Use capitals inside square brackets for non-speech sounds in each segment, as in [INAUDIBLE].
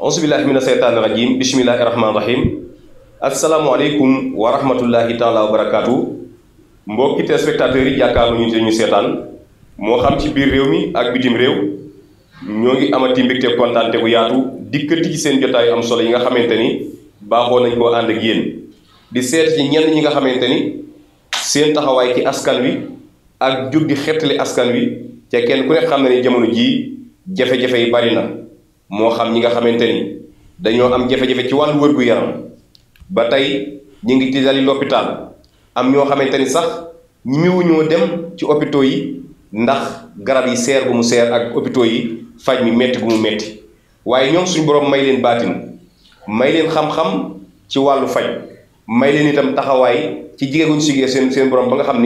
ausubillahi mina seytaani rajim bisimillahi rahmaani rahim asalaamualeykum wa rahmatullahi taala wa barakaatu mbokki téléspectateurs yi jàkkaarlu ñu te seetaan moo xam ci biir réew mi ak bitim réew ñoo ngi amati mbégte kontaante bu yaatu dikkati ci seen jotaayu am solo yi nga xamante ni baaxoo nañ koo ànd ak yéen di seet ci ñenn ñi nga xamante ni seen taxawaay ci askan wi ak jur gi xettali askan wi ca kenn ku ne xam ne ni jamono jii jafe-jafe yi bari na moo xam ñi nga xamante ni dañoo am jafe-jafe ci wàllu wërgu yaram ba tey ñi ngi ci dali l'hôpital am ñoo xamante ni sax ñimiwuñoo dem ci yi ndax garab yi bu mu ak hôpitaux yi faj mi metti bu mu metti waaye ñoom suñu borom may leen baatin may leen xam-xam ci wàllu faj may leen itam taxawaay ci jigéen guñ sigee seen seen borom ba nga xam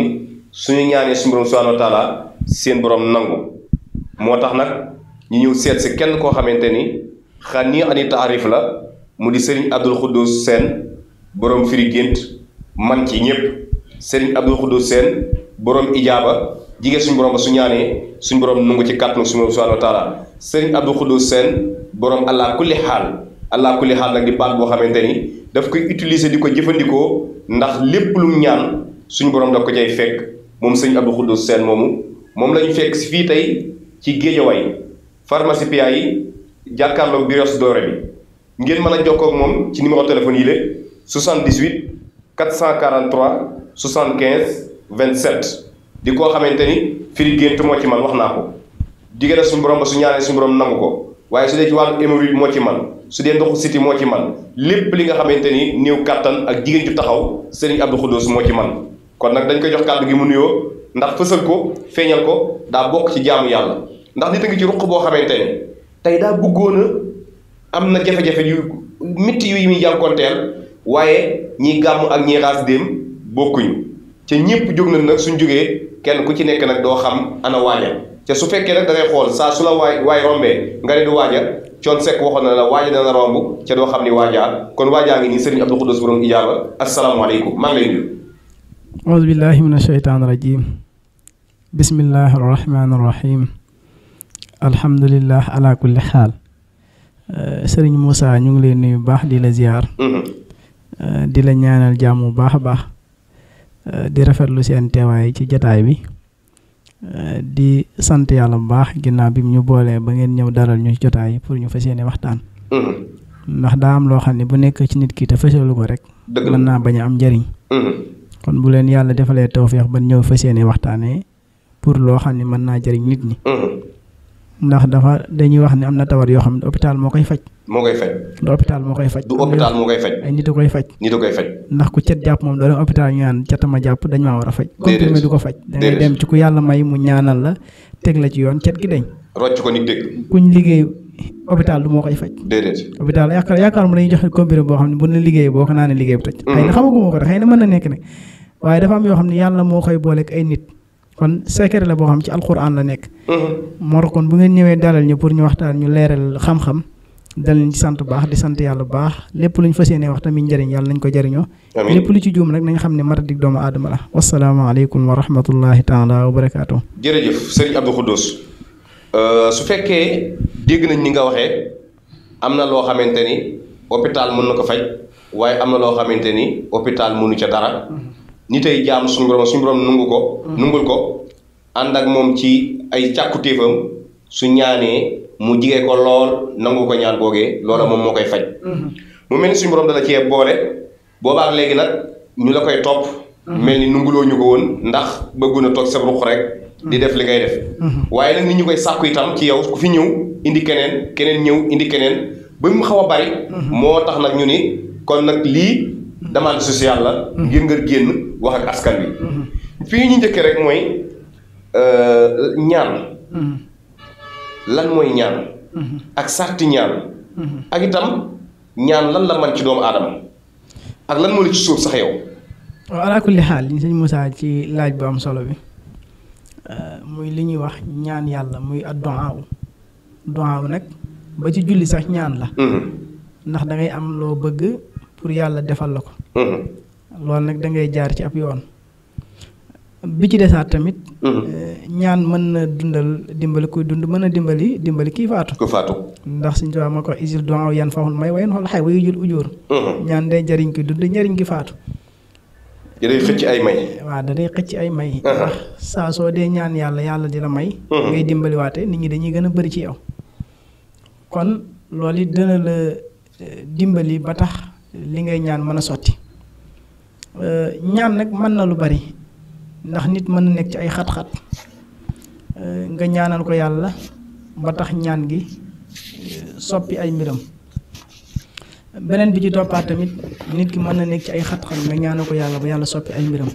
suñu ñaanee suñu borom subhanahu wa taala seen borom nangu moo nak. ñu ñëw seet si kenn koo xamante ni ni xanii ani taarif la mu di Serigne Abdul Xuddus Seen borom firi gént man ci ñëpp sëriñ Abdul Xuddus Seen borom ijaaba jigéen suñ borom ba su ñaanee suñu borom nungu ci kàttanu suñu subhanahu wa taala Serigne Abdul Xuddus Seen borom allah kulli xaal allah kulli xaal nag di baat boo xamante ni daf koy utiliser di ko jëfandikoo ndax lépp lum ñaan suñu borom daf ko cay fekk moom Serigne Abdul Xuddus Seen moomu moom la ñu si fii tey ci Géejawaay. pharmacie PAI jakarlo biros doré bi ngeen mëna jokko ak mom ci numéro téléphone yi le 78 443 75 27 di ko xamanteni firi gento mo ci man wax nako digëna suñu borom ba su ñaané suñu borom nangu ko waye su dé ci walu hémorroïde mo ci man su dé ndoxu city mo ci man lepp li nga xamanteni new carton ak jigen ju taxaw serigne abdou khodous mo ci man kon nak dañ koy jox kaddu gi mu nuyo ndax fessel ko feñal ko da bok ci jaamu yalla ndax nit a ngi ci ruq boo xamante ni tey daa bëggoon a am na jafe-jafe yu mitti yu muy jànkonteel waaye ñiy gàmm ak ñiy raas dem bokkuñu ca ñëpp jóg nañ nag suñ jógee kenn ku ci nekk nag doo xam ana waaja ca su fekkee nag da xool saa su la waay waay rombee nga ne du waaja coon sekk waxoon na la waaja dana romb ca doo xam ni waajaa kon waajaa ngi nii sëriñ Abdou Khoudous borom ijaaba asalaamaaleykum maa ngi lay nuyu. auzu billaahi mina shaytaani rajiim bismillaahi alhamdulillah ala kulli hal. Eh, serigne Moussa ñu ngi lay nuyu baax di la ziar. Mm-hmm. Eh, di la ñaanal bah bah. baax baax eh, di rafetlu seen teway ci jotaay bi di sant yalla bu baax ginaa bi ñu boole ba ngeen ñew daral ñu jotaay pour ñu fassiyene yéene waxtaan. Mm-hmm. ndax da am lo xamni bu nekk ci nit ki te fasalu ko rek. mën naa bañ am mm-hmm. kon bu leen yalla defalee tawféex ba ñew fassiyene pur pour lo xamni mën jariñ nit ñi. ndax dafa dañuy wax ne am na tawar yoo xam ne hôpital moo koy faj. moo koy faj. du hôpital moo koy faj. du hôpital moo koy faj. a koy koy faj. ndax ku jàpp moom doo dem hôpital ñu naan catama jàpp dañ war a faj. ko faj. da ngay dem ci may mu ñaanal la teg la ci yoon cet gi dañ. rocc ko ni dégg. kuñ liggéey hôpital du moo koy faj. déedéet. hôpital yaakaar yaakaar mu dañuy joxe comprimé boo xam ne bu ne liggéey boo ko naanee liggéey bu toj. Mm-hmm. xëy na xamaguma ko de xëy na mën na nekk ne waaye dafa am yoo xam ne yàlla moo koy booleeg ay nit kon secret la bo xam ci alxuraan la nek mhm. mor kon bu ngeen ñewé dalal ñu pour ñu waxtaan ñu léral xam-xam. dal ñu ci sante bu baax di sante yalla bu baax lépp lu ñu wax tammi ñariñ yalla lañ ko jariño lepp lu ci joom nak nañ xam ne doomu adama la. alaykum wa rahmatullahi taala wa barakatuh jerejeuf serigne Abdou euh su fekke deg nañ ni nga waxe amna lo xamanteni hôpital mënu ko faj waye amna lo xamanteni hôpital mënu ci dara. Mhm. ñi tey jaam suñu borom suñu borom nungu ko. Mm. nungul ko ànd ak moom ci ay càkkutéefam su ñaanee mu jigee ko lool nangu ko ñaan boogee loola moom moo koy faj. Mm-hmm. mu mel ni suñu borom dala cee boole boo boobaak léegi nag ñu la koy topp. Mm-hmm. mel ni nunguloo ñu ko woon ndax bëggu na toog sa ruq rek. Mm-hmm. di def li ngay def. waaye nag nit ñu koy sàkku itam ci yow ku fi ñëw indi keneen keneen ñëw indi keneen ba mu xaw a bari. moo tax nag ñu ni kon nag lii. demande sociale la. ngir nga génn wax ak askan wi. fii ñu njëkkee rek mooy euh, ñaan. lan mooy ñaan. ak sarti ñaan. ak itam ñaan lan la ci doomu aadama ak lan moo la ci suuf sax yow. waaw alaa xaal ñu sëñ Moussa ci laaj bu am solo bi euh, muy li ñuy wax ñaan yàlla muy ad-du'a du'a nag ba ci julli sax ñaan la. Mm-hmm. ndax da am loo bëgg. pour yàlla defal la ko. Mm-hmm. loolu nag da ngay jaar ci ab yoon. bi ci desaat tamit. Mm-hmm. Eh, ñaan mën na dundal dimbali kuy dund mën na dimbali dimbali kii faatu. ku faatu. ndax suñu tubaab ma ko isil doon yan faaxul may wayen xool xay wayu jul ujóor. Mm-hmm. ñaan day jariñ ki dund njariñ ki faatu. day xëcc ay may. Eh, waaw day xëcc ay may. Uh-huh. ndax saa soo dee ñaan yàlla yàlla di la may. ngay dimbaliwaate nit ñi dañuy gën a bëri ci yow. kon loolu it dina eh, dimbali ba tax. li ngay ñaan mëna soti euh ñaan nak man na lu bari ndax nit mëna nek euh, euh, ci ay xat-xat nga ñaanal ko yalla ba tax ñaan gi soppi ay mbiram benen bi ci topa tamit nit ki mëna nek ci ay xat-xat nga ñaanal ko yalla ba yalla soppi ay mbiram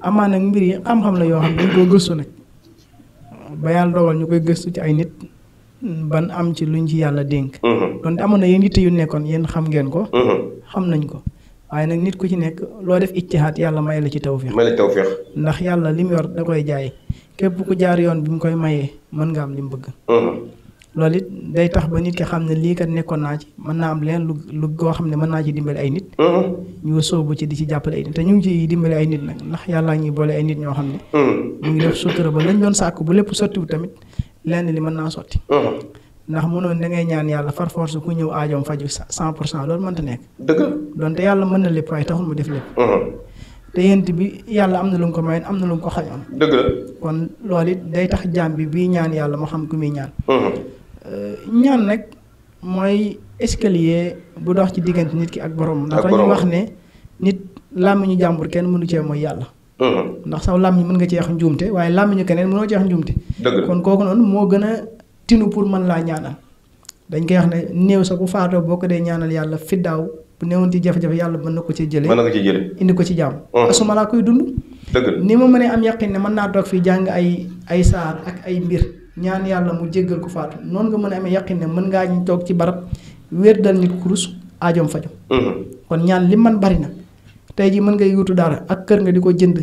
amaa mbir yi xam-xam la yo xam dañ koo gëstu ba yalla dogal ci ay nit ban am ci luñ ci yàlla dénk. Mm-hmm. donte amoon na yéen yitte yu nekkoon yéen xam ngeen ko. Mm-hmm. xam nañ ko waaye nag nit ku ci nekk loo def ijtihaad yàlla may la ci tawfiix. may ndax yàlla li mu yor da koy jaay képp ku jaar yoon bi mu koy mayee mën nga am li mu bëgg. Mm-hmm. loolu it day tax ba nit ki xam ne lii kat nekkoon naa ci mën naa am leen lu lu goo xam ne mën naa ci dimbale ay nit. ñu soobu ci di ci jàppale ay nit te ñu ngi ciy dimbale ay nit nag ndax yàlla ñuy boole ay nit ñoo xam ne. lañ doon sàkk bu lépp sottiwu tamit lenn li mën naa sotti. ndax mënoon da ngay ñaan yàlla far force ku ñëw aajoom faju 100 pour cent loolu mënta nekk. dëgg la donte yàlla mën na lépp waaye taxul mu def lépp. te yent bi yàlla am na lu mu ko mayoon am na lu mu ko xañoon. dëgg kon loolu it day tax jaam bi bii ñaan yàlla mu xam ku muy ñaan. Euh, ñaan nag mooy escalier bu dox ci diggante nit ki ak borom. ndax dañuy wax ne nit làmmiñu jàmbur kenn mënu cee mooy yàlla. Uh-huh. ndax saw làmmiñ mën nga ci wax njuumte waaye làmmiñu keneen mënoo ci wax njuumte. kon kooku noonu moo gën a tinu pour man laa ñaanal. dañ koy wax ne néew sa bu faatoo boo ko dee ñaanal yàlla fi daaw bu néewoon ci jafe-jafe yàlla mën na ko ci jëlee. indi ko ci jàmm. Uh-huh. asuma laa koy dund. ni ma mënee am yaqin ne mën naa toog fii jàng ay ay saar ak ay mbir ñaan yàlla mu jéggal ko faatu noonu nga mën a amee yaqin ne mën ngaa ñu toog ci barab wér dal nit kurus aajoom fajum uh-huh. ñaan li man bari na tay ji mën ngay yutu dara ak kër nga diko jënd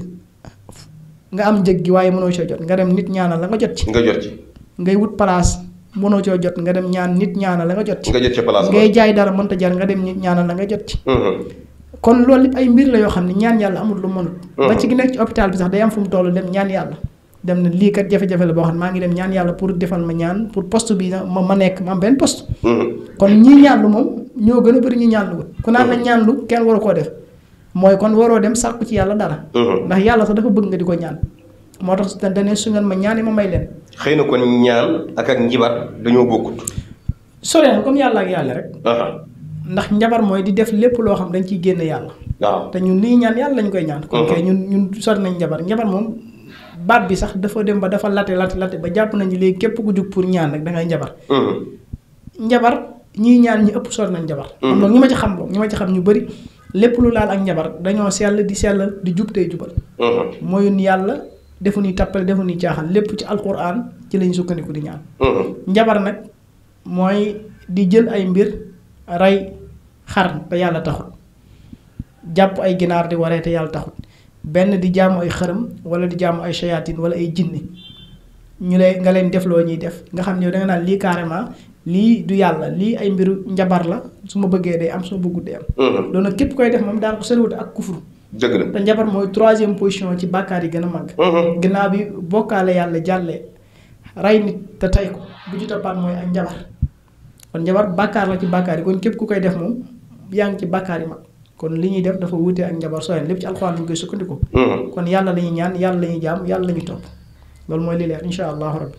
nga am jëg gi waye mëno ci jot nga dem nit ñaanal la nga jot ci. nga jot ci ngay wut place mëno ci jot nga dem ñaan nit ñaanal la nga jot ci. nga jot ci place ngay jaay dara ta jaar nga dem nit ñaanal la nga jot ci. Mm-hmm. kon loolu ay mbir la yo xamni ñaan yalla amul lu mënut. Mm-hmm. ba ci gi nek ci hôpital bi sax day am fu mu tollu dem ñaan yalla dem na li kat jafé jafé la bo xam ma ngi dem ñaan yalla pour defal ma ñaan pour poste bi ma ma nek ma ben poste. Mm-hmm. kon ñii ñaanlu moom ñoo gën lu, bëri ñi ñaanlu ko. ku naan la lu kenn waru ko def moy kon woro dem sakku ci yalla dara uh-huh. ndax yalla sax dafa bëgg nga di ñaan motax su tan dañe su ngeen ma ñaani ma may leen xeyna kon ñaan ak ak njibat dañu bokut sore comme yalla ak yalla rek uh-huh. ndax njabar moy di def lepp lo xam dañ ci genn yalla waaw te ñun liy ñaan yalla lañ koy ñaan kon kay uh-huh. ñun ñun sori nañ njabar njabar mom baat bi sax dafa dem ba dafa laté laté laté ba japp nañ li képp ku juk pour ñaan nak da ngay njabar njabar ñi ñaan ñi ëpp sori nañ njabar ñi ma ci xam ñi ma ci xam ñu bari lépp lu laal ak njabar dañoo sell di sellal di jub tey jubal. Uh-huh. mooyun yàlla defu ni tappale defu ni caaxaan lépp ci alquran ci lañ sukkandiku di ñaan. Uh-huh. njabar nag mooy di jël ay mbir rey xar te yàlla taxul jàpp ay ginaar di waree te yàlla taxul benn di jaamu ay xërëm wala di jaamu ay shayatin wala ay jinne ñu lay nga leen defloo ñuy def nga xam ne da nga naan lii carrément lii du yàlla lii ay mbiru njabar la su ma bëggee de am su ma bëggul day am. Mhm. loolu képp koy def moom daan ko soriwut ak kufur. dëgg la te njabar mooy troisième position ci bàkkaar yi gën a màgg. Mhm. bi bokkaale yàlla jàllee rey nit te tey ko bu ci toppaat mooy ak njabar kon njabar bàkkaar la ci bàkkaar yi kon képp ku koy def moom yaa ngi ci bàkkaar yi mag kon li ñuy def dafa wuute ak njabar sooy lépp ci alxuraan lañ koy sukkandiku. Mhm. kon yàlla la ñuy ñaan yàlla la ñuy jaam yàlla la ñuy topp loolu mooy li leer incha allahu rabbi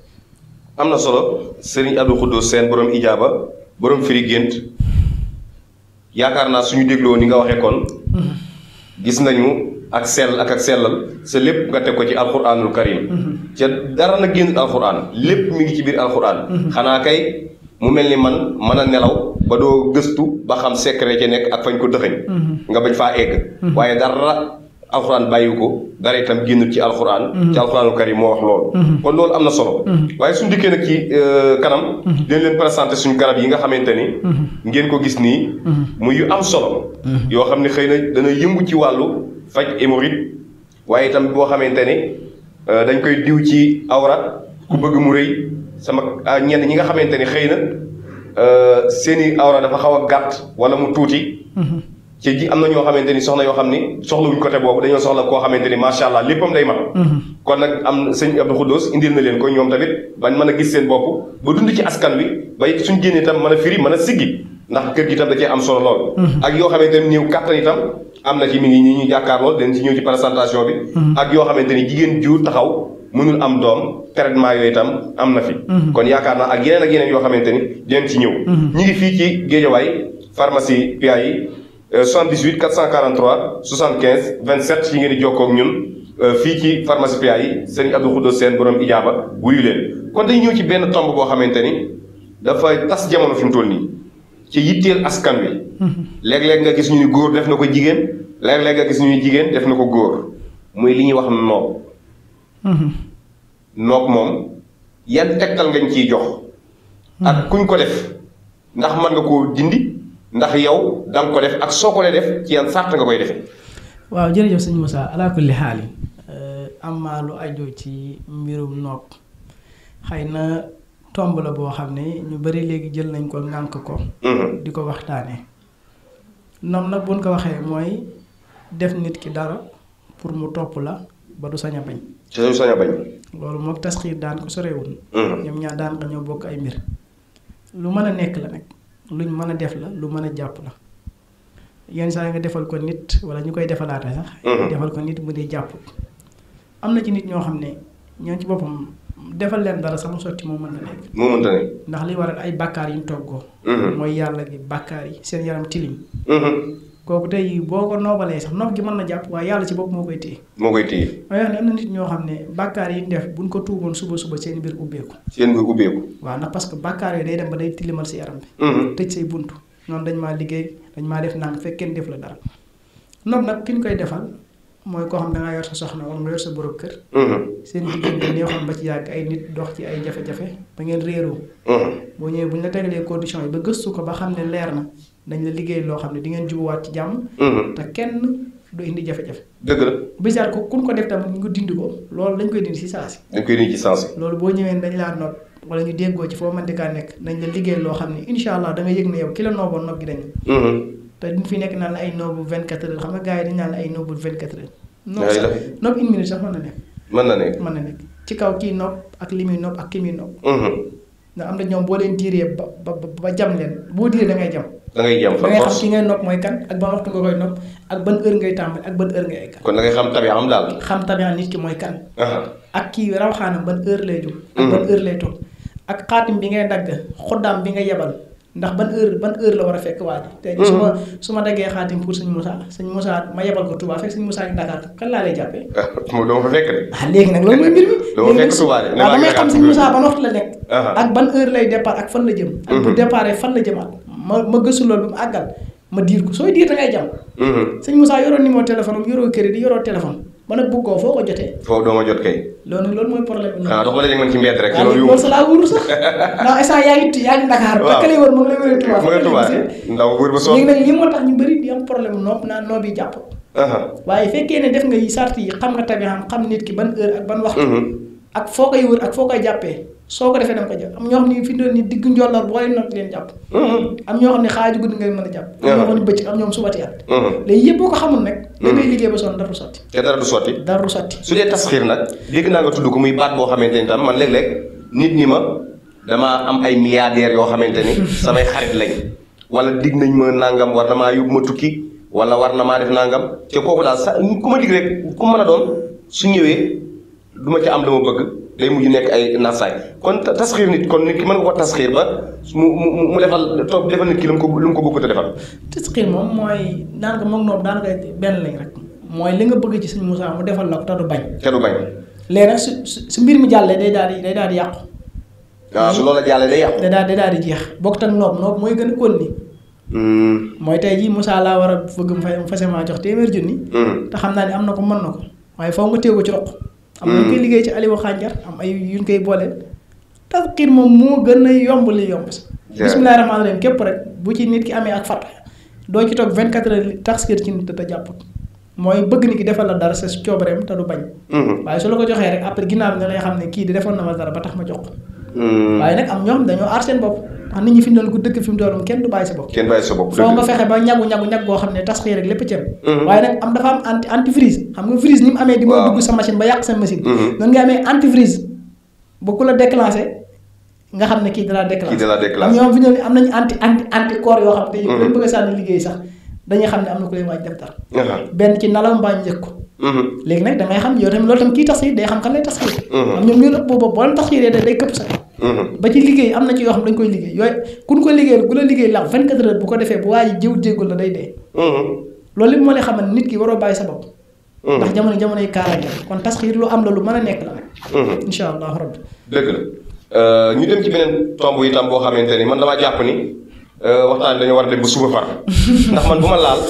amna solo serigne abdou khoudous sen borom ijaba borom firi yakarna suñu deglo ni nga waxe kon gis nañu ak sel ak ak selal sa lepp nga tek ko ci alquranul karim ci dara na genn alquran lepp mi ngi ci bir alquran xana kay mu melni man mana nelaw ba do geustu ba xam secret ci nek ak fañ ko dexeñ nga bañ fa egg mhm. waye dara alquran bàyyi ko dara itam gennu ci alquran mhm. ci alxuraanu karim mo wax loolu. Mhm. kon loolu amna solo. Mhm. waye suñu dikkee nak ci euh, kanam. den len présenté suñu garab yi nga xamanteni ngeen ko gis ni muy am solo. yo xamni xeyna dana yëngu ci walu faj hémorroïde waye itam bo xamanteni euh, dañ koy diw ci awrat ku bëgg mu reuy sama ah, ñen ñi nga xamanteni xeyna euh na awra dafa xawa gatt wala mu tuti ci ji am na ñoo xamante ni soxna yoo xam ni soxlawuñ côté boobu dañoo soxla koo xamante ni macha allah léppam day mat mm-hmm. kon nag am sëñ Abdou Khoudous indil na leen ko ñoom tamit bañ mën a gis seen bopp ba dund ci askan wi ba suñ génnee tam mën a firi mën a siggi ndax kër gi tam da cee am solo lool mm-hmm. ak yoo xamante ni néew kàttan itam am na ci mi ngi ñi ñu jàkkaar lool dañ ci ñëw ci présentation bi mm-hmm. ak yoo xamante ni jigéen ju taxaw mënul am doom traitement 78 443 75 27 yi ngeen di jokkoo ak ñun euh, fii ci pharmacie PA yi sëriñ Abdou Khoudous Sène borom ijaaba wuyu leen kon dañu ñëw ci benn tomb boo xamante ni dafa tas jamono fi mu toll nii ci yitteel askan wi. [LAUGHS] léeg-léeg nga gis ñu ni góor def na ko jigéen léeg-léeg nga gis ñu ni jigéen def na ko góor muy li ñuy wax noob. [LAUGHS] noob moom yan tegtal ngañ ci jox. ak hmm. kuñ ko def ndax mën nga koo dindi. ndax yow da ko def ak soo ko def ci yan nga koy defee. waaw jërëjëf sëñ Moussa ala kulli xaal yi euh, am maa lu aju ci mbirum nopp xëy na tomb la boo xam ne ñu bari léegi jël nañ ko ŋànk ko. Mm-hmm. di ko waxtaanee. noonu nag buñ ko waxee mooy def nit ki dara pour mu topp la ba du sañ a bañ. du sañ a bañ. loolu mook tasxiir daan ko sorewul. Mm-hmm. ñoom ñaar daan ko ñoo bokk ay mbir. lu mën a nekk la nag. luñ mën a def la lu mën a jàpp la yenn saa nga defal ko nit wala ñu koy defalaate sax. Mhm. defal ko nit mu dee jàpp. am na ci nit ñoo xam ne ñoo ci boppam defal leen dara sama sotti moo mënta nekk. moo mën nekk ndax li war ay bàkkaar yu ñu toggoo. Mhm. mooy yàlla gi bàkkaar yi seen yaram tilim. Mhm. kooku tey boo ko noobalee sax noof gi man na japp waaye yalla ci bop mo koy téye. mo koy téye. waaye na am nit ñoo xamné bakkar yi def buñ ko tuuboon suba suba seen biir ko seen biir ko wa na parce que bakkar yi day dem ba day tilimal ci yaram bi. Mm-hmm. tëj say buntu non dañ ma liggéey dañ ma def nang fekk kenn def la dara. noonu nak kiñ koy defal mooy ko xam da nga yor sa soxna wala yor sa borok kër. Mm-hmm. seen diggante neexoon ba ci yàgg ay nit dox ci ay jafe-jafe ba ngeen réeroo. Mm-hmm. bo ñëwee buñ la tégalé condition yi ba gëssu ko ba xamné lér leer na nañ la liggéey loo xam ne di ngeen jubuwaat ci jàmm. Mm-hmm. te kenn du indi jafe-jafe. dëgg la bisaat ko kun ko def tam ñu dindi ko loolu lañ koy dindi si saa si. dañ koy dindi ci saa si. loolu boo ñëwee dañ laa noot wala ñu déggoo ci foo mën di kaa nekk nañ la liggéey loo xam ne incha allah da nga yëg ne yow ki la nooboon nopp gi dañu. Mm-hmm. te duñ fi nekk naa la ay noobu 24 heures xam nga gars yi dañ naan la ay noobu 24 heures. noob sax noob une sax mën na nekk. mën na nekk ci kaw kii noob ak li muy noob ak ki muy noob. Mm-hmm. am na ñoom boo leen diiree ba ba ba jam leen boo diiree da ngay da ngay yem fa da ngay xam mooy kan ak ban waxtu nga koy ak ban heure ngay tàmbali ak ban heure am xam tabiya nit ki mooy kan. ak kii rawxaanam ban heure mm. ban heure lay toog ak xaatim bi ngay dagg xoddaam bi nga yebal. ndax ban heure ban heure la war a fekk waa ji. tey su ma mm-hmm. su ma daggee xaatim pour sëñ Moussa sëñ Moussa ma yebal ko Touba fekk sëñ Moussa kan laa lay jàppee. Ah, moom fa fekk de. Ah, léegi nag loolu mooy mbir mi. dama fekk Touba de damay xam sëñ Moussa ban waxtu la nekk. ak ban heure lay départ ak fan la jëm. ak bu mm-hmm. départ fan la jëmaat. ma ma gëstu loolu ba mu àggal ma diir ko sooy diir da ngay jàmm. Mm-hmm. sëñ Moussa yoroon numéro téléphone am yoroo crédit yoroo téléphone ma nag bëggoo foo ko jotee. foofu doo ma jot kay. loolu loolu mooy problème bi. Ah, waaw doxalee man ci sa laa [LAUGHS] ngi ti yaa ngi Dakar. moom la wëree Touba. soo. léegi nag moo tax ñu bëri di am problème noob naa noob yi jàpp. Uh-huh. waaye fekkee ne def nga yi sart yi xam nga tamit xam nit ki ban heure ak ban waxtu. Mm-hmm. ak foo koy wër ak foo koy jàppee soo ko defee da nga ko jël am ñoo xam ne fi mm-hmm. guddi nga mën a jàpp mm-hmm. léegi yëpp ko xamul nag mm-hmm. da ngay liggéey ba sonn dara du sotti su dee tasxiir nag dégg naa nga tudd ko muy baat boo xamante ni tam man léeg-léeg nit ma damaa am ay milliardaires yoo xamante ni [LAUGHS] samay xarit lañ wala dig nañ ma nangam war na yóbbu ma tukki wala war na maa def nangam te kooku daal sa ku ma dig rek ku mën a doon su ñëwee du ma ca am dama bëgg day mujj nekk ay nasaay kon tasxiir nit kon nit ki mën nga ko tasxiir ba mu mu mu defal toog defal nit ki lu mu ko lu mu ko bëgg te defal. tasxiir moom mooy daanaka moom noonu daanaka benn lañ rek mooy li nga bëgg ci Sëñ Moussa mu defal la ko bañ. te du bañ. su mbir mi jàllee day daal di day daal di yàqu. waaw ah, su day yàqu. daal day daal di jeex bokk tan noob noob mooy gën a hmm. mooy tey jii Moussa laa war a bëgg mu fa mu fas jox téeméer junni. Hmm. te xam naa ne am na ko man na ko waaye faw nga téye ci roq am na ñu koy hmm. liggéey ci Aliou Xànjar am ay yu ñu koy boole tafkir moom moo gën a yomb li yomb si bismillahi rahmaani rahim képp rek bu ci nit ki amee ak fatt doo ci toog 24 heures tax ci nit te jàpp mooy bëgg nit ki defal la dara sa coobareem te du bañ hmm. waaye su la ko joxee rek après ginnaaw bi nga lay xam ne kii di defoon na ma dara ba tax ma jox ko hmm. waaye nag am ñoo xam dañoo aar seen bopp nit ñi fi mu doon ku dëkk fi mu doon kenn du bàyyi sa bopp. kenn bàyyi sa bopp foo nga fexe ba ñagu ñagu ñag goo xam ne tas xëy rek lépp ci am mhm. waaye nag am dafa am anti antifreeze xam nga freeze ni mu amee di moo dugg sa machine ba yàq sa machine mhm. noonu nga amee antifreeze ba ku la déclenché nga xam ne kii dala déclenché ñoom fi ñëw am nañu anti anti anti corps yoo xam te ñu mhm. bëgg a sànni liggéey sax dañuy xam ne am na ku lay waaj benn ci nalaw mbaa njëkk Mm-hmm. léegi nag da xam yow tamit loolu tam kii tafsir day xam kan lay tafsir. Mm-hmm. am ñoom ñoo ëpp boobu boo leen tafsiree day këpp mm-hmm. liggéey am na ci yoo xam dañ koy liggéey yooyu kun ko liggéey ko defee bu waa ji jëw jéggul la day dee. loolu lépp moo lay xamal nit ki waroo bàyyi sa bopp. ndax jamono jamonoy kaaraange kon tasxiir lu am la lu mën a nekk la nag. incha allahu rabbi. dëgg la euh, ñu dem ci beneen tomb itam boo xamante ni man damaa jàpp ni euh, waxtaan dañoo war a dem ba suba far [LAUGHS] ndax man bu ma laal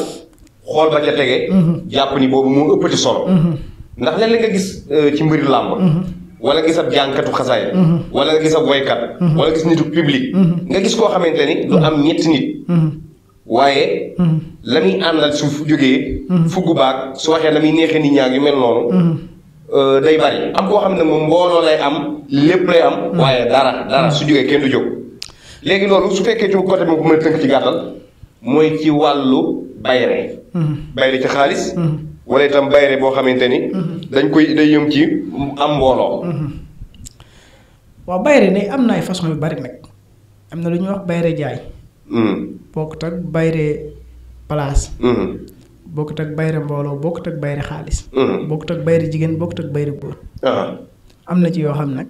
xol ba ca tege. Mhm. japp ni boobu moo ëppati solo. Mhm. ndax léeg-léeg nga gis euh, ci mbiri lamb mhm. wala gis ab jankatu xasaay. wala gis ab waykat wala gis nitu public. nga gis ko xamanteni du am ñet nit. waaye. lamuy andal su joge fugu baag su waxe lamuy nexe ni ñaag yu mel euh day bari am ko xamne mo mbolo lay am lepp lay am. waaye dara dara su joge kenn du jog léegi lolu su fekke ci côté mo ci gatal moy ci walu bayre hmm. bayre ci khalis, hmm. wala tam bayre bo xamanteni hmm. dañ koy day yëm ci am mbolo wa bayre ne am na ay façon yu bari nak am na lu ñuy wax bayre jaay bok tak bayre place bok tak bayre mbolo bok tak bayre xaalis bok tak bayre jigen bok tak bayre bo ah. am na ci yo xam nak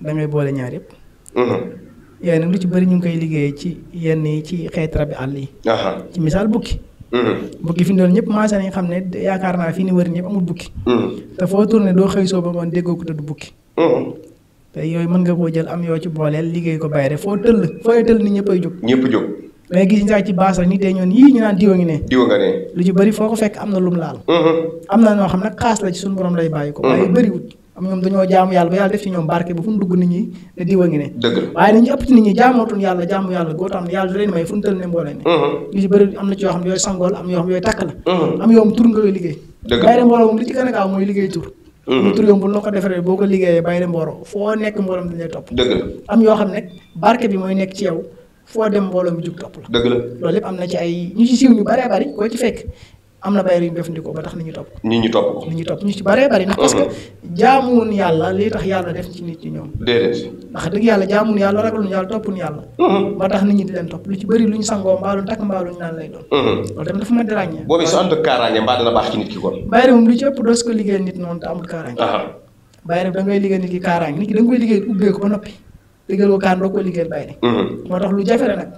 da ngay bolé ñaar yépp yooyu nag lu ci bëri ñu ngi koy liggéeyee ci yenn yi ci xeet rabi àll yi. ci misaal bukki. Mm-hmm. bukki fi mu doon ñëpp maasa nañ xam ne yaakaar naa fii ni wër ñëpp amul bukki. Mm-hmm. te foo tourné doo xëy soo ba ngoon déggoo ko te bukki. Mm-hmm. te yooyu mën nga koo jël am yoo ci booleel liggéey ko bay rek foo tëll foo tëll ni ñëpp ay jóg. ñëpp jóg. mais gis nga ci baas rek ni tey ñoon yii ñu naan diwa ngi ne. diwa nga ne. lu ci bëri foo ko fekk am na lum laal. am na noo xam nag xaas la ci suñu borom lay bàyyi ko. waaye bëriwut am ñoom dañoo jaamu yàlla ba yàlla def ci dugg nit ñi ne yàlla jaamu yàlla goo xam ne yàlla da mm-hmm. na ci yoo xam ne yooyu sangool am yoo xam ne yooyu takk la mm-hmm. am yoom tur nga koy liggéey bayre mbooloo moom li ci a gaaw mooy liggéey tur lu mm-hmm. barke bi mooy nekk ci yow foo dem mbooloo mi jug topp la dëgg la loolu lépp am na ci ay ñu ci siiw ñu baree bari koo ci fekk am na bayre yu ñu jëfandikoo ba tax nit ñi topp nit ñi topp ko nit ñi topp ci bëree bëri ndax parce que mm-hmm. yàlla lii tax yàlla def ci nit ñi ñoom déedéet ndax dëgg yàlla jaamuwun yàlla ragalun yàlla toppun yàlla mm-hmm. ba tax nit ñi di leen topp lu ci bëri lu ñu sangoo mbaa lu ñu takk mbaa lu ñu naan lay doon mm-hmm. loolu tamit dafa mën di ràññee boobu su ànd ak kaaraange mbaa dana baax ci nit ki kon bayre moom lu ci ëpp doos ko liggéey nit noonu te amul kaaraange bayre da ngay liggéey nit ki kaaraange nit ki da nga koy liggéey ubbee ba noppi liggéey ko kaan doo ko liggéey bayre moo tax lu jafe la nag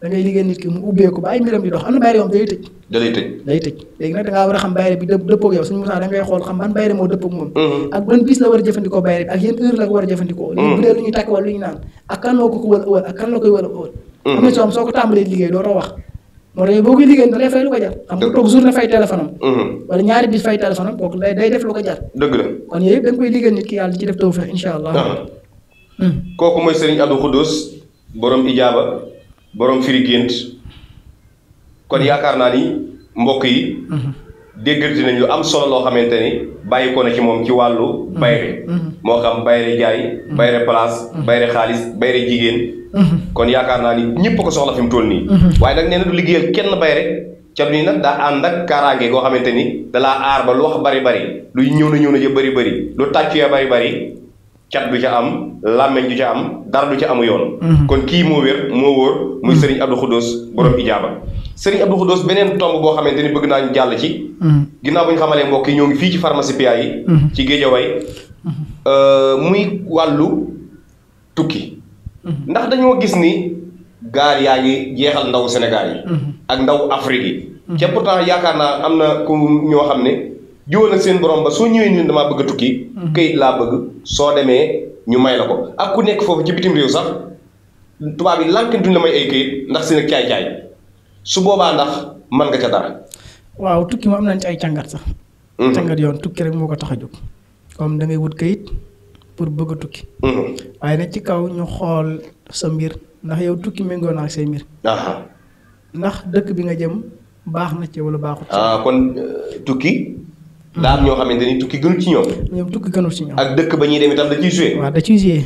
da ngay liggéey nit ki mu ubbeeku ba ay mbiram di dox am na bayre yoom day tëj da tëj day tëj léegi nag da war a xam bayre bi dëppoo ak yow suñu musaa da xool xam ban bayre moo dëppoo moom mm-hmm. ak ban bis la war a jëfandikoo bayre bi ak yan la ko war a jëfandikoo boo koy liggéey da lay fay lu ko jar xam nga toog mm-hmm. ñaari bis fay téléphone ah. mm. kooku mooy Serigne Abdou Khoudous borom Ijaaba borom firi gént kon yaakaar naa ni mbokk yi. Mhm. déggante nañ lu am solo loo xamante ni bàyyi na ci moom ci wàllu mhm. bayre mhm. moo xam bayre jaay bayre place bayre xaalis bayre jigéen kon yaakaar naa ni ñëpp ko soxla fi mu toll nii waaye nag nee na du liggéeyal kenn bayre ca du ni nag daa ànd ak kaaraange goo xamante ni dalaa aar ba lu wax bari bari luy ñëw na ñëw na ja bari bari lu tàccu ya bari bari cat du ci am làmmeñ du ci am dar du ci am yoon mhm. kon ki mo wér mo wóor muy mhm. serigne abdou khodous borom mhm. ijaba serigne abdou khodous benen tombe bo xamanteni ni bëgg naa ñu ci ginnaaw buñ xamalé mbokk ñoo ngi fi ci pharmacie pia yi ci way euh muy walu tukki ndax dañoo gis ni gaar yaa ngi jeexal ndaw sénégal yi ak ndaw afrique yi ca pourtant yaakaar naa am na ku ñoo xam ne jiwoon ak seen borom ba soo ñëwee ñun damaa bëgg a tukki. Mhm. këyit laa bëgg soo demee ñu may la ko ak ku nekk foofu ci bitim réew sax tubaab yi lànk duñ la may ay këyit ndax seen ak caay-caay su boobaa ndax man nga ca dara. waaw tukki mu am nañ ci ay càngat sax. Mhm. càngat yoon tukki rek moo ko tax a jóg. comme da ngay wut këyit pour bëgg a tukki. Mhm. waaye nag ci kaw ñu xool sa mbir ndax yow tukki méngoo naa ak say mbir. ndax dëkk bi nga jëm baax na ci wala baaxut. ah euh, daa am ñoo xamante ni tukki gënul ci ñoom. ñoom tukki gënul ci ñoom. ak dëkk ba ñuy dem itam da ciy joué. da ciy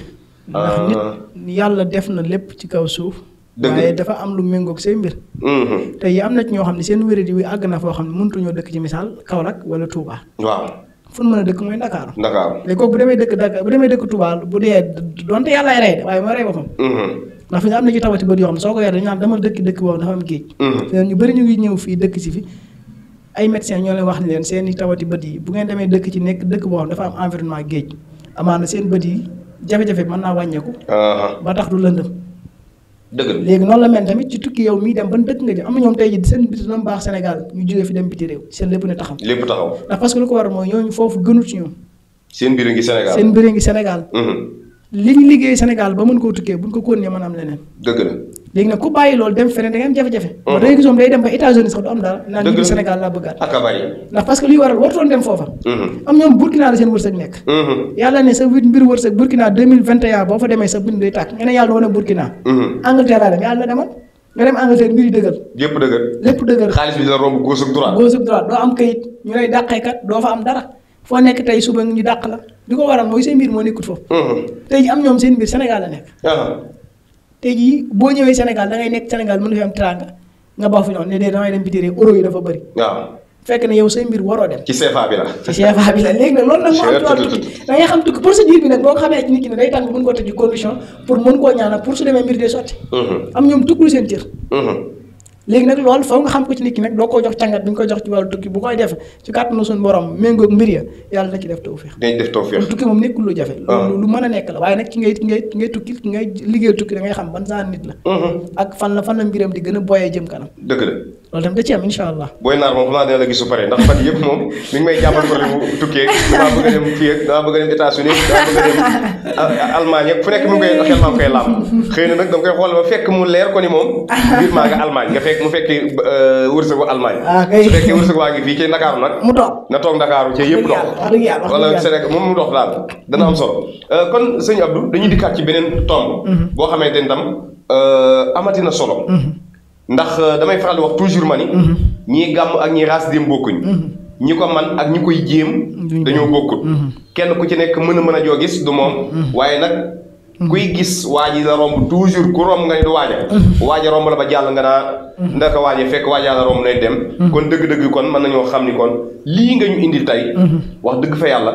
ah. nit yàlla def na lépp ci kaw suuf. dëgg waaye dafa am lu méngoog say mbir. Mm-hmm. te yi am na ci ñoo xam ne seen wéradi wi àgg na foo xam ne mënutuñoo dëkk ci misaal Kaolack wala Touba. waaw fu nu mën a dëkk mooy Dakar. Dakar léegi kooku bu demee dëkk Dakar bu demee dëkk Touba bu dee donte yàlla ay rey waaye mooy rey boppam. Mm-hmm. ndax fi nga am na ci tawati bët yoo xam soo ko yoree dañu naan dama dëkk dëkk boobu dafa am mm-hmm. ñu bëri ñu ngi ñëw fii dëkk si fi ay médecins ñoo leen wax ni leen seeni i bët yi bu ngeen demee dëkk ci nekk dëkk boo xam dafa am environnement géej amaana seen bët yi jafe-jafe mën naa wàññeeku. ba tax du lëndëm. dëgg la léegi noonu la mel tamit ci tukki yow mii dem ban dëkk nga jëm am na ñoom tey jii seen biti na baax Sénégal ñu jógee fi dem biti réew seen lépp ne taxaw. lépp taxaw parce que lu ko war mooy ñooñu foofu gënut seen mbir ngi Sénégal mhm. li ñu liggéey Sénégal ba mën koo tukkee buñ ko kon ne mën am leneen. dëgg la léegi nag ku bàyyi loolu dem feneen da ngay am jafe-jafe. Mhm. ba da dem ba États-Unis sax du am dara. naan ñu Sénégal laa bëggaat. ndax parce que waral wartoon dem foofa. Mhm. am ñoom Burkina la seen wërsëg nekk. Mhm. yàlla ne sa wit mbir wërsëg Burkina 2021 boo fa demee sa bind day tàkk nga ne yàlla wane Burkina. Angleterre laa dem yàlla demal. nga dem Angleterre mbir dëgër. yëpp dëgër. lépp dëgër. xaalis bi dina romb gauche ak droite. doo am kayit ñu lay dàqee kat doo fa am dara foo nekk tey suba ñu dàq la di ko waral mooy seen mbir moo nekkut foofu. tey ji am ñoom seen mbir Sénégal la te jii boo ñëwee Sénégal da nekk Sénégal mën nga fi am teraanga nga baax fi noonu ne dee damay dem biti réew euro yi dafa bëri. waaw fekk ne yow say mbir waroo dem. ci CFA bi la. ci CFA bi la [LAUGHS] léegi nag loolu nag moo am ci wàllu tukki da ngay nga koo tëj condition pour mën koo ñaanal pour su demee mbir dee sotti. Mm-hmm. am ñoom tukkul seen cër. Mm-hmm. léegi nag loolu foo nga xam ko ci nit ki nag doo ko jox càngat bi nga koy jox ci wàllu tukki bu koy def ci kàttanu suñu borom méngoog mbir ya yàlla na ci def tawféex dañ def tawféex tukki moom nekkul lu jafe ah. lu mën a nekk la waaye nag ci ngay ci ngay ci ngay tukki ci ngay liggéey tukki da ngay xam ban saa nit la mm-hmm. ak fan la fan la mbiram di gën a boyee jëm kanam dëgg la loolu tam da ci am incha allah. booy naar moom xam naa la a dem fii ak damaa bëgg a dem états a dem ah, ah, Allemagne mu ngi ko ni moom mu fekk euh, wërsëgu Allemagne ah, su fekkee wërsëgu waa ngi ci mu dox na toog Ndakaaru ci yëpp dox wala Sénégal moom mu dox daal dana am solo euh, ci beneen tomb mhm. boo xamee den tam euh, amati na solo mhm. ndax euh, damay faral wax toujours ma ni. Mhm. ñii gàmm ak ñii raas dem bokkuñ. Mhm. ñi ko man ak ñi koy jéem. dañoo bokkut. Mhm. kenn ku ci nekk mën a mën a joo gis du moom. waaye nag. kuy gis waaji la romb toujours ku romb nga ni du waaja waaja romb la ba jàll nga naa ndaka waaja fekk waaja la romb lay dem kon dëgg-dëgg kon mën nañoo xam ni kon lii nga ñu indi tey wax dëgg fa yàlla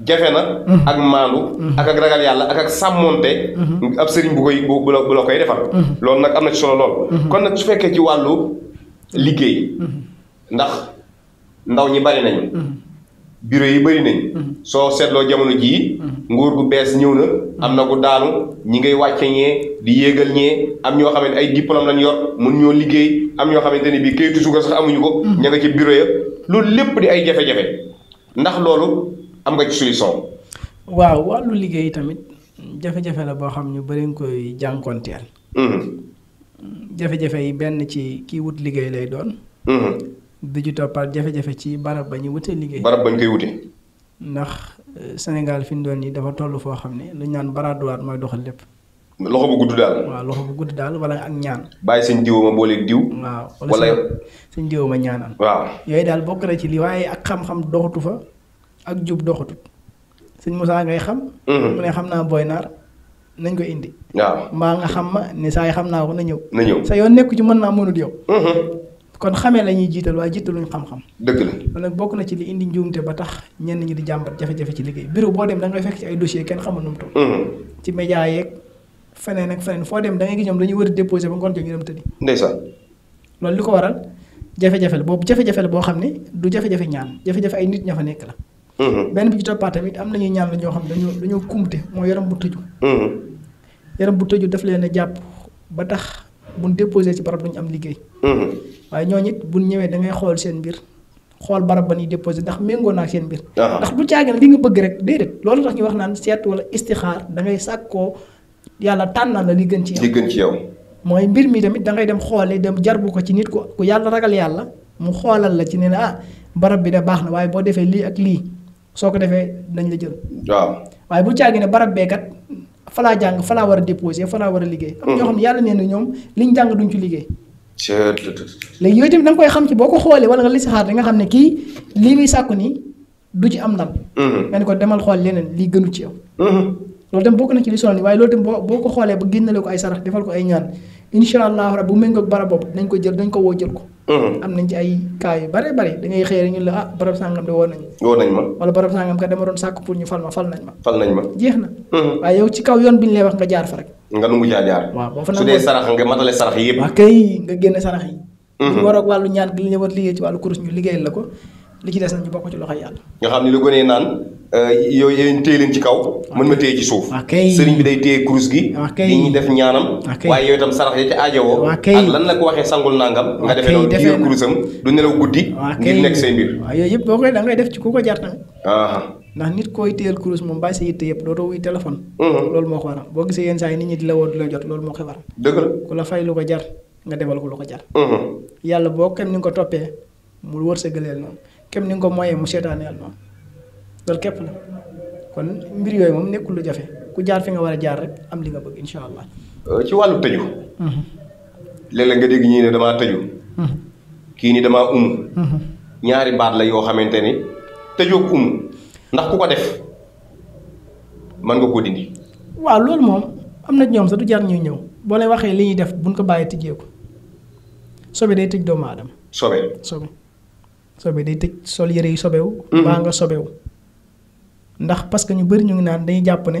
jafe na. Mhm. ak maandu. Mhm. ak ak ragal yàlla ak ak sàmmonte. Mhm. ab sëriñ bu koy bu la koy defal. loolu nag am na ci solo lool. kon nag su fekkee ci wàllu liggéey. ndax ndaw ñi bari nañu. bureau yi bari nañ soo seetloo jamono jii nguur gu bees ñëw na am na ku daanu ñi ngay wàcce ñee di yéegal ñee am ñoo xam ne ay diplôme lañ yor mun ñoo liggéey am ñoo xamante ne bii kayitu suukar sax amuñu ko ña nga ci bureau ya loolu lépp di ay jafe-jafe ndax loolu am nga ci solution. waaw wàllu liggéey tamit jafe-jafe la boo xam ñu bëri nga koy jànkoonteel. Mm-hmm. jafe-jafe yi benn ci kii wut liggéey lay doon. Mm-hmm. du ci toppaat jafe-jafe ci barab ba ñu wutee liggéey. barab ba ñu koy wutee. ndax euh, Sénégal fi mu doon nii dafa toll foo xam ne lu ñaan naan bras droit mooy doxal lépp. loxo bu gudd daal. waaw loxo bu gudd daal wala ak ñaan. bàyyi seen diw ma diw. waaw wala seen diw ma waaw yooyu daal bokk ci li waaye ak xam ak jub doxatut sëñ Moussa ngay xam. Mhm. mu ne xam naa booy naar nañ ko indi. waaw nga xam ma ne saa yi xam naa ko na ñëw. na ñëw sa yoon nekku ci mën naa mënut yow. Mhm. kon xamee la ñuy jiital waaye jiitaluñ xam-xam. dëgg la loolu nag bokk na ci li indi njuumte ba tax ñenn ñi di jàmbat jafe ci liggéey bureau boo dem da ngay fekk ci ay dossier kenn xamul nu mu toll. Mhm. ci média yeeg feneen ak feneen foo dem da ngay gis ñoom dañuy war a déposé ba ngoon jot ñu dem tëddi. ndeysaan. loolu li ko waral jafe-jafe la boobu jafe-jafe la boo xam ne du jafe-jafe ñaan jafe-jafe ay nit ña fa nekk la Mhm. benn bi ci toppaat tamit am nañu ñaan la ñoo xam dañoo dañoo kumte mooy yaram bu tëju. Mhm. yaram bu tëju daf leen a jàpp ba tax buñ déposé ci barab duñu am liggéey. Mhm. waaye ñooñu it buñ ñëwee da ngay xool seen mbir xool barab ba ñuy déposé ndax méngoo naa seen mbir. ndax du caagin li nga bëgg rek déedéet loolu tax ñu wax naan seet wala istixaar da ngay sàkkoo yàlla tànnal la li gën ci yow. gën ci mooy mbir mi tamit da ngay dem xoolee dem jarbu ko ci nit ko ku yàlla ragal yàlla mu xoolal la ci ne la ah barab bi de baax na waaye boo defee lii ak lii soo ko defee nañ la jël. waaw waaye bu caagi ne barab beekat fa jàng falaa war a déposé falaa war a liggéey. am xam ne yàlla na ñoom liñ jàng duñ ci liggéey. léegi yooyu tamit da koy xam ci boo ko xoolee wala nga li saxaar xaar nga xam ne kii lii muy sàkku nii du ci am ndam. Mm-hmm. nga ko demal xool leneen lii gënu ci yow. Mm-hmm. loolu tam bokk na ci li sonal ni waaye loolu tam boo boo ko xoolee ba génnale ko ay sarax defal ko ay ñaan incha allah rabbi bu méngoog bara boobu dañ ko jël dañ ko woo jël ko Mhm. am nañ ci ay cas yu bare bare da ngay xëy rek ñu la ah barab sàngam de woo nañ ma. woo nañ ma wala barab sàngam ka dama doon sàkk pour ñu fal ma fal nañ ma. fal nañ ma jeex na. Mhm. waaye ci kaw yoon bi ñu lay wax nga jaar fa rek. nga nu mu jaar jaar. waaw boo fa su dee sarax nga matale sarax yi yëpp. kay nga génne sarax yi. Mhm. ñu waroon wàllu ñaan gi ñu war liggéey ci wàllu kurus ñu liggéeyal la ko li ci des nag ñu bokk ci loxoy yàlla. nga xam ne lu gënee naan euh, yooyu yéen téye leen ci kaw. mën ma téye ci suuf. sëriñ bi day téye kurus gi. li def ñaanam. waaye yooyu tam sarax ya ci lan la ko waxee sangul nangam. nga defee noonu téye kurusam du nelaw guddi. ngir nekk say mbir. waaw yooyu yëpp boo koy da ngay def ci ku ko jar nag. ndax nit koy téyel kurus moom bàyyi sa yitte yëpp dootoo wuy téléphone mhm. loolu moo ko waral boo gisee yenn saa yi nit ñi di la woo di la jot loolu moo ko waral dëgg la ku la fay lu ko jar nga defal ko lu ko jar mhm. yàlla boo kenn ni nga ko toppee mu wërsëgaleel noonu kem ni nga ko moyee mu seetaane al moom loolu képp la kon mbir yooyu moom nekkul jafe ku jaar fi nga war a jaar rek am li nga bëgg incha euh, ci wàllu tëju. Mhm. léeg-léeg nga dégg ñii mhm. mhm. ñaari baat la yoo xamante ni tëjoog umu mën nga koo dindi. loolu moom am na ñoom sa du jar ñuy ñëw boo lay waxee li ñuy def buñ ko bàyyi tijjeeku sobe day tëj doomu aadama. sobe sobe. sobe day tëj sol yëre yu sobewu mm-hmm. baa nga sobewu ndax parce que ñu bëri ñu ngi naan dañuy jàpp ne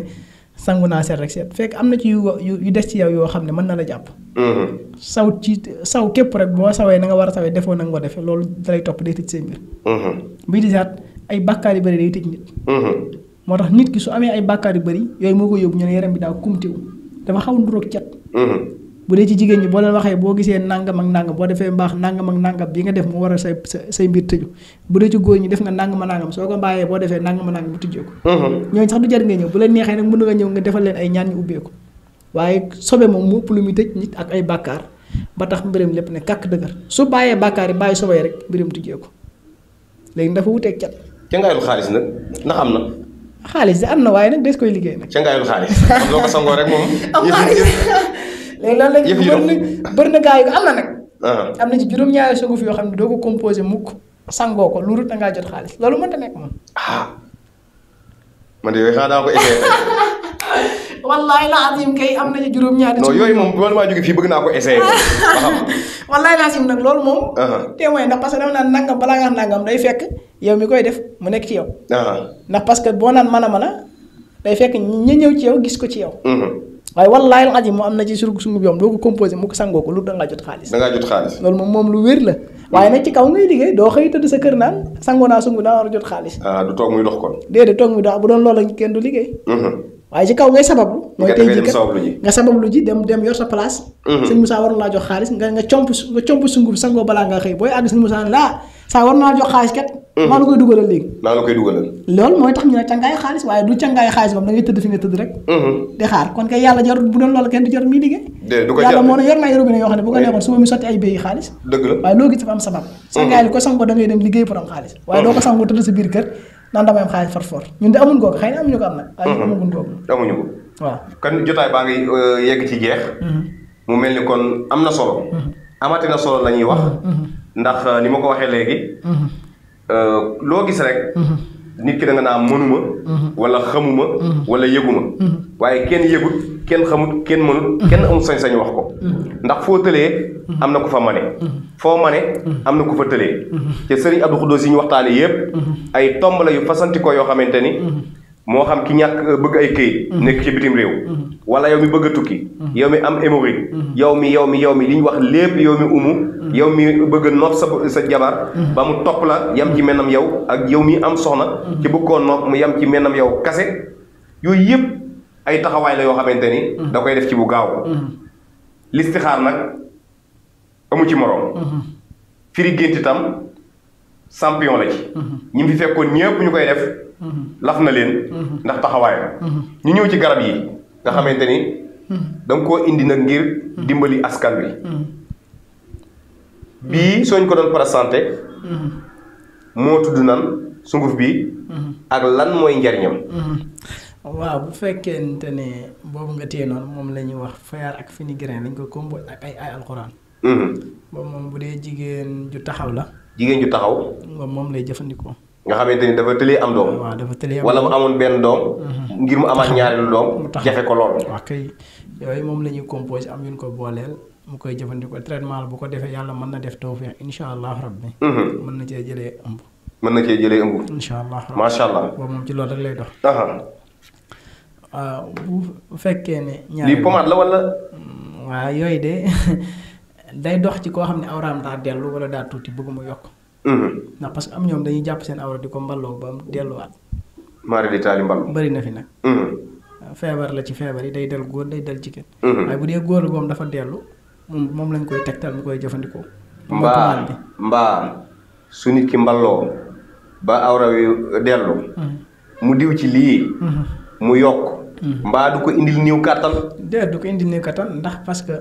sangu naa seet rek seet fekk am na ci yu yu des ci yow yoo xam ne mën na la jàpp mm-hmm. saw ci saw képp rek boo sawee na nga war a sawee defoo na nga ko defee loolu dalay topp day tëj seen mbir mm-hmm. bii di saat ay bàkkaar yu bëri day tëj nit moo tax nit ki su amee ay bàkkaar yu bëri yooyu moo ko yóbbu ñu ne yaram bi daa kumtiw dafa xaw nduroog cet bu dee ci jigéen ñi boo leen waxee boo gisee nangam ak nangam boo defee mbaax nangam ak nangam bi nga def mu war a say say mbir tëju bu dee ci góor ñi def nga nangam ak nangam soo ko bàyyee boo defee nangam ak nangam bu tëjee ko. ñooñu sax du jar nga ñëw bu leen neexee nag mën nga ñëw nga defal leen ay ñaan ñu ubbeeku waaye sobe moom mu ëpp lu muy tëj nit ak ay bàkkaar ba tax mbiram lépp ne kàkk dëgër su bàyyee bàkkaar yi bàyyi sobe rek mbiram tëjee ko léegi dafa wuteeg cat. càngaayul xaalis nag ndax am na. xaalis de am na waaye nag des koy liggéey nag. càngaayul xaalis. am loo ko sangoo [LAUGHS] [LAUGHS] léegi lan léegi bëri na bëri na gaa yi am na nag ah. am na ci juróom-ñaari sunguf yoo xam ne doo ko composé mukk sangoo ko lu rut jot xaalis loolu mënta nekk moom ah man de yooyu xanaa daa ko essayé [LAUGHS] wallaay la azim am na juróom-ñaari non yooyu moom man maa jóge fii bëgg naa ko essayé [LAUGHS] wallaay la azim nag loolu moom ah. témoin ndax parce que dama naan nangam balaa nga nangam day fekk yow mi koy def mu nekk ci yow ah. ndax parce que boo naan mën a mën a day fekk ñi ñëw ci yow gis ko ci yow mm-hmm. waaye wallaahi alxadim mu am na ci surug sungub yoom doo ko composé mu sangoo ko lu dangaa jot xaalis dangaa jot xaalis moom moom lu wér la waaye nag ci kaw ngay liggéey doo xëy tëdd sa a jot xaalis ah, du toog muy dox kon déedéet toog muy dox bu doon loolu kenn du liggéey mhm. waaye ci kaw ngay sabablu mooy tey jii dem dem yor sa place mhm. sëñ Moussa war laa jox xaalis nga nga comp nga comp sungub sangoo balaa nga xëy booy àgg sëñ Moussa laa saa war naa jox xaalis kat Mm-hmm. maa la koy dugalal léegi maa la koy dugalal loolu mooy tax ñu ne cangaay xaalis waaye du cangaay xaalis moom da ngay tëdd fi nga tëdd rek mm-hmm. di xaar kon kay yàlla jarut bu doon loolu kenn du jarut mii liggéey yàlla moo ne yor naa robinet yoo xam ne bu ko neexoon suba mi sotti ay béy xaalis dëgg la waaye loo gis dafa am sabab mm-hmm. sangaay li ko sangoo da ngay dem liggéey pour am xaalis waaye doo ko sangoo tëdd sa biir kër naan damay am xaalis fort fort ñun de amuñ kooku xëy na ko am nag amuñ kooku amuñu ko waaw kan jotaay baa ngi euh, yegg ci jeex mu mel kon am solo amati na solo la ñuy wax ndax euh, ni ma ko waxee Euh, loo gis rek. Mhm. nit ki da nga naa mënuma. Mhm. wala xamuma. Mhm. wala yëguma. waaye kenn yëgut kenn xamut kenn mënut. kenn amul sañ-sañ wax ko. ndax foo tëlee am na ku fa mane. foo mane am na ku fa tëlee. te Serigne Abdou Khoudous yi ñu waxtaanee yëpp. ay tomb la yu fasanti ko yoo xamante ni. moo xam ki ñàkk euh, bëgg ay këyit. Mm-hmm. nekk ci bitim réew. Mm-hmm. wala yow mi bëgg a tukki. Mm-hmm. yow mi am hémorroïde. yow mi yow mi yow mi li ñu wax lépp yow mi umu. yow mi bëgg a nopp sa sa jabar. ba mu topp la yam ci menam yow ak yow mi am soxna. ci bëgg koo mu yam ci menam yow kase yooyu yëpp ay taxawaay la yoo xamante ni. da koy def ci bu gaaw. listixaar nag amu ci moroom. firi gént champion la ci mhm. ñi fi fekkon ñepp ñu def mhm. laf na leen mhm. ndax taxaway ñu ñew ci garab yi nga xamanteni dang ko indi nak ngir dimbali askan bi bi soñ ko doon présenté mo tuddu nan sunguf bi ak lan moy njariñam waaw bu fekkente ne boobu nga téye noonu moom la ñuy wax fayaar ak fini grain lañ ko combo ak ay ay alxuraan boobu moom bu dee jigéen ju taxaw la jigéen ju taxaw. moom lay jëfandikoo. nga xamante ni dafa tëlee am doom. waaw dafa tëlee am wala mu amoon benn doom. Mhm. ngir mu amaat ñaareelu doom. jafe ko lool. waaw kay yooyu moom lañuy ñuy composé am yuñ ko booleel mu koy jëfandikoo traitement la bu ko defee yàlla mën na def tawfeex incha allah rabbi. Mhm. mën na cee jëlee ëmb. mën na cee jëlee ëmb. incha allah macha allah. boobu moom ci loolu rek lay dox. bu fekkee ne. ñaari lii pommade la wala. Mm, waaw yooyu de. [LAUGHS] day dox ci ko xam awram da delu wala da tuti bëgg mu hmm na parce que am ñom dañuy japp seen awra di mballo mballoo ba delu wat mari di tali mballo bari na fi hmm feebar la ci feebar yi day dal goor day dal jigéen. Mhm. ay bu dé goor la moom dafa delu mom moom lañ koy tektal mu koy jëfandikoo. mba mbaa su nit ki mballo ba awra wi dellu. Mhm. mu diw ci lii. Mhm. mu yok mba du ko indil niw kàttan. déet du ko indil niw kàttan ndax parce que.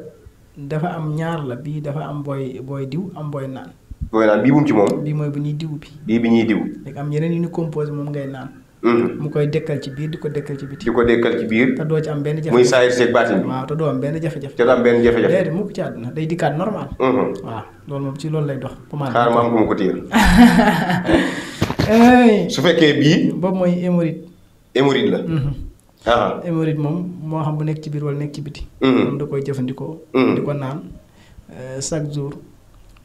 dafa am ñaar la bii dafa am booy booy diw am booy naan. booy naan bii bu mu ci moom. bii mooy bu ñuy diw bi. bii bi ñuy diw. léegi am yeneen yu ñu composé moom ngay naan. Mhm. mu koy dekkal ci biir di ko dekkal ci biti. di ko dekkal ci biir. te doo ci am benn jafe-jafe muy saayir seeg baatin bi. waaw am benn jafe-jafe. te doo am benn jafe-jafe déedéet mu ko ci àdduna day dikkaat normal. Mhm. waaw loolu moom ci loolu lay dox. xaar ma am ku ma ko téyel. [LAUGHS] su fekkee bii. boobu mooy hémorroïde. la. Mhm. Ah. hémorroïde moom moo xam bu nekk ci biir wala nekk ci biti. Hmm. moom da koy jëfandikoo. Hmm. di ko naan eh, chaque jour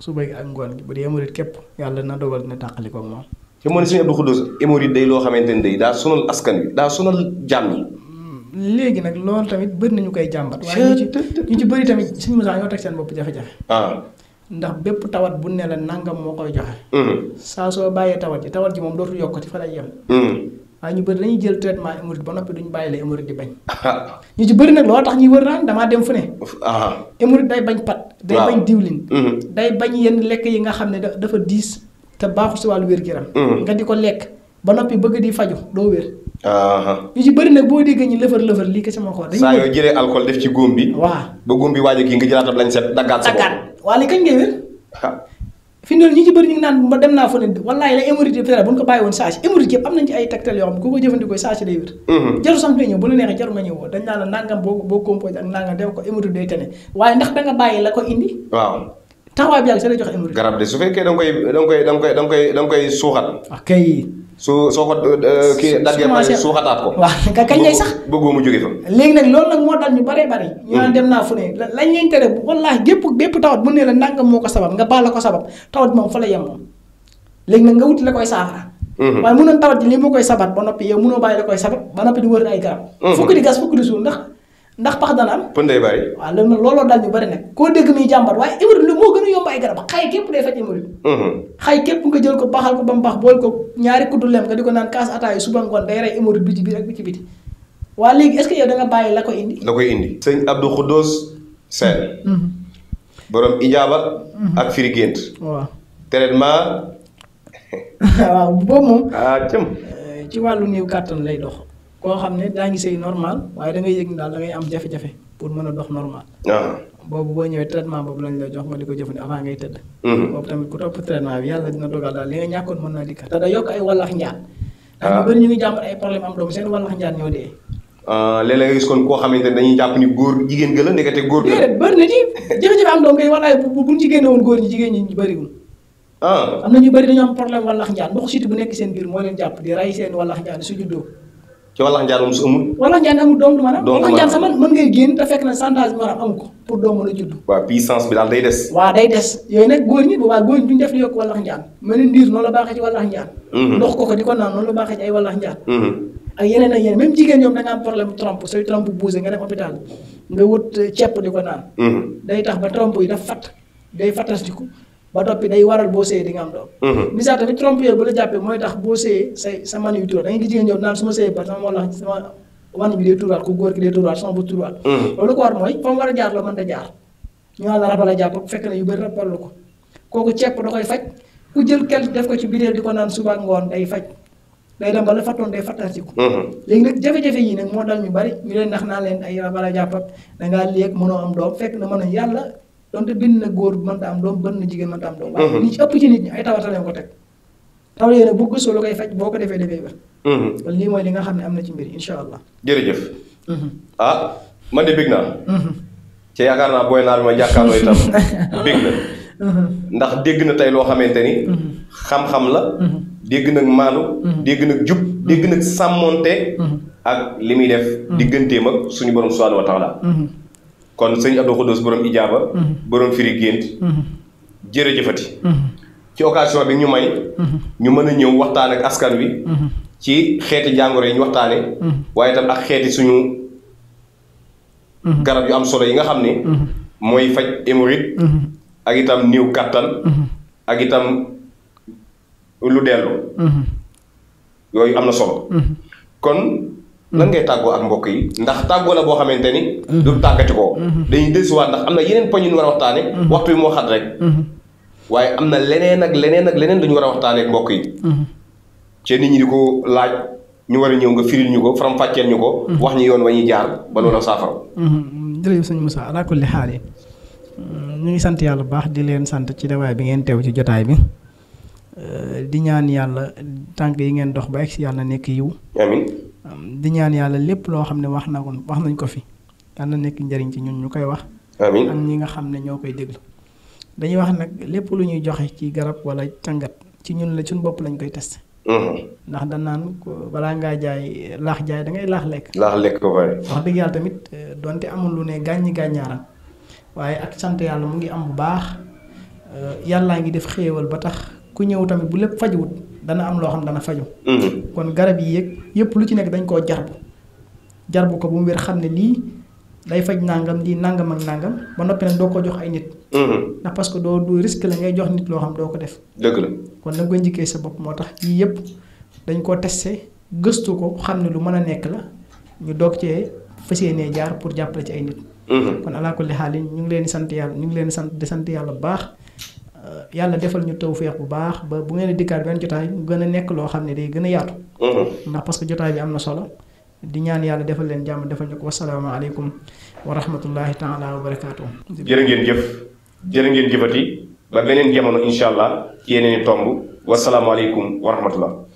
suba ak ngoon bu dee hémorroïde képp yàlla na dogal na tàqali ko moom. te moo ne suñu Abdou Khoudous hémorroïde day loo xamante ne day daa sonal askan wi daa hmm. léegi nag loolu tamit bëri nañu koy jàmbat. waaye ñu ci ñu bëri tamit suñu mosaan ñoo teg seen bopp jafe-jafe. Ah. ndax bépp tawat bu ne la nangam moo koy joxe. saa soo bàyyee tawat ji tawat ji moom dootul yokkati fa lay yem. waaye ñu bëri dañuy jël traitement hémorroïde ba noppi duñ bàyyi la hémorroïde di bañ. Ah. ñu ci bëri nag loolu tax ñuy wër naan damaa dem fu ne. Ah. hémorroïde day bañ pat. day bañ diwlin. Mm-hmm. day bañ yenn lekk yi nga xam ne dafa diis te baaxul si wàllu wér-gu-yaram. Mm-hmm. nga di ko lekk ba noppi bëgg di faju doo wér. ñu ci bëri nag boo déggee ñu lëfër lëfër lii kese moo ko saa yoo jëlee alcool def ci góom bi. waa ba góom bi waaj a kii nga jëlaat lañ set daggaat sa bopp daggaat waaye kañ ngay fi mu ne ñi ci bëri ñu naan dem naa fa ne wallaahi la hémorroïde yi peut-être bu ñu bàyyi woon saa si hémorroïde yëpp am nañ ci ay tegtal yoo xam ku ko jëfandikoo saa si day wér mhm. jaru sax ñëw bu la neexee jaru ñëw woo dañ naan la nangam boo boo composé ak nangam def ko hémorroïde day tane waaye ndax da bàyyi la ko indi waaw taxawaay bi yàgg sa lay joxe hémorroïde. garab de su fekkee da nga koy da nga koy da koy da koy koy su suhat, ko kii daggee pare suuxataat ko. Kau nga kañ lay sax itu. mu jóge fa. léegi nag loolu nag dal ñu bare yang ñu dem naa fu ne lañ leen tawat bu ne nangam moo sabab nga sabab tawat moom fa la yem moom léegi nga la koy tawat koy sabat ba nopi yow mënoo la sabat ba nopi di wër ay garab. di gas di ndax pax dana am. pën day bàyyi. waaw loolu nag looloo daal ñu bari nag koo dégg muy jàmbat waaye hémorroïde moo gën a yomb ay garab xay képp day faj hémorroïde. Mm-hmm. xay jël ko baxal ko ba mu bax ko ñaari di ko naan kaas ataay suba ngoon day rey hémorroïde bi ci ci biti. waa léegi est yow da nga bàyyi la ko indi. la koy indi. sëñ Abdou Khoudous Sène. Mm-hmm. borom ijaaba. Mm-hmm. ak firi gént. waaw traitement. [LAUGHS] waaw boobu moom. ah jëm. Euh, ci wàllu néew kàttan lay dox. koo xam ne daa ngi sëy normal waaye da ngay yëg ni daal da ngay am jafe-jafe pour mën a dox normal. Ah. boobu boo ñëwee traitement boobu lañ la jox nga di ko jëfandikoo avant ngay tëdd. Mm-hmm. boobu tamit ku topp traitement bi yàlla dina dogal daal li nga ñàkkoon mën naa dikka te da yokk ay wallax njaan. waaw ah. ndax ñu bëri ñu ngi jàmbat ay problème am doom seen wallax njaan ñoo dee. Ah, léeg-léeg nga gis kon koo xamante ne dañuy jàpp ni góor jigéen nga la ndekete góor gën la. déedéet bëri na ci jafe-jafe am doom kay wallaay bu buñ ci génne woon góor ñi jigéen ñi bëriwul am na ñu bëri dañu am problème wallax njaan ndox situ bu nekk seen biir moo leen jàpp di ray seen wallax njaan su juddoo ci walax njaan su amul walax njaan amul doom du man wala njaan sama man ngay genn te fek na sandage bi am ko pour doom la jiddu wa puissance bi dal day dess wa day dess yoy nag goor ñi bu eh, mhm. ba goor ñi duñ def li walax wala njaan mel ni ndiir la baxé ci walax njaan ndox ko ko di nan naan la baxé ci ay wala njaan ak yeneen ak yeneen même jigen ñom da nga am problème trompe soy trompe bouger nga dem hôpital nga wut cepp diko nan day tax ba trompe yi da fat day fatas diko ba topi day waral bo sey di nga am do mhm. misa tamit trompeur bu la jappé moy tax bo sey say sa man yu tuuraat da nga gis ñew naan su sey ba sama wala sama wan bi di tuuraat ku góor ki di tuuraat sama bu wala mhm. loolu ko war moy fa mu war jaar la man da jaar ñu naan la rabal a fekk na yu bëri rabal ko koku cipp da koy fajj ku jël kel def ko ci biir di naan suba ngon day fajj day dem ba la faton day ko mhm. legi nak jafe jafé yi nak mo dal ñu bari ñu leen nax na leen ay rabal mono da nga léeg mëno am do fekk na mëna yalla donte bind na góor mënta am doom bënn na jigéen mënta am doom. waaye mhm. li ci ëpp ci nit ñi ay tawata lañ ko teg. taw yooyu nag bu gëstoo lu koy faj boo ko defee defee ba. kon mhm. lii mooy li nga xam ne am na ci mbir incha allah. jërëjëf. Mhm. ah man de bég naa. ci yaakaar naa booy naar ma jàkkaarloo itam [LAUGHS] bég na. ndax dégg na tey loo xamante ni. xam-xam la. dégg nag maanu. dégg nag jub dégg nag sàmmonte. ak li muy def digganteem ak suñu borom subhanahu wa taala kon sëñ Abdou Khoudous borom ijaaba mhm. borom firi gént mhm. jërëjëfati mhm. ci occasion bi ñu may ñu mën a ñëw waxtaan ak askan wi ci xeeti jàngoro yi ñu waxtaane waaye tam ak xeeti suñu garab yu am solo yi nga xam ne mooy faj hémorroïde ak itam néew kàttan ak itam lu dellu yooyu am na solo kon lan ngay tàggoo ak mbokk yi ndax tàggoo la boo xamante ni. Mm-hmm. du tàggati ko. Mm-hmm. dañuy desiwaat ndax am na yeneen poñ yu war a waxtaane mm-hmm. waxtu bi moo xat rek. waaye am na leneen ak leneen ak leneen dañu war a waxtaanee ak mbokk yi. ci nit ñi di ko laaj ñu war a ñëw nga firil ñu ko faram fàcceel ñu ko. wax ñu yoon wa ñuy jaar ba loolu saafara. jërëjëf sëñ Moussa ala kulli xaali mm, ñu ngi sant yàlla bu baax di leen sant ci dawaay bi ngeen teew ci jotaay bi. Euh, di ñaan yàlla tànk yi ngeen dox ba egg si yàlla nekk yiw. di ñaan yàlla lépp loo xam ne wax na ko wax nañ ko fi daan na nekk njëriñ ci ñun ñu koy wax. amiin ak ñi nga xam ne ñoo koy déglu. dañuy wax nag lépp lu ñuy joxe ci garab wala càngat ci ñun la suñ bopp lañ koy tes mm-hmm. ndax da naan balaa ngaa jaay laax jaay da ngay laax lekk. laax lekk ko bari. wax dëgg yàlla tamit eh, donte amul lu ne gàññi gàññaaram waaye ak sant yàlla mu ngi am bu baax eh, yàllaa ngi def xéewal ba tax ku ñëw tamit bu lépp fajwut dana am loo xam dana faju mm-hmm. kon garab yi yëg yëpp lu ci nekk dañ koo jarbu jarbu ko bu mu wér xam ne lii day faj nangam lii nangam ak nangam ba noppi nag doo ko jox ay nit. Mm-hmm. ndax parce que doo du risque la ngay jox nit loo xam doo ko def. dëgg la kon nag nga koy njëkkee sa bopp moo tax yii yëpp dañ koo testé gëstu ko xam ne lu mën a nekk la ñu doog cee fas ne jaar pour jàppale ci ay nit. Mm-hmm. kon alaakulli xaalis ñu ngi leen di sant yàlla ñu ngi leen sant di sant yàlla bu baax. Euh, yàlla defal ñu feex bu baax ba bu ngeen dikkaat benn jotaay mu gën a nekk loo xam ne day gën a yaatu. Mm-hmm. ndax parce que jotaay bi am na solo. di ñaan yàlla defal leen jàmm defal ñu ko wasalaamaaleykum wa rahmatullahi taala wa barakaatu. jërë ngeen jëf jërë ngeen jëfati ba beneen jamono incha allah ci yeneen i tomb wasalaamaaleykum wa rahmatullah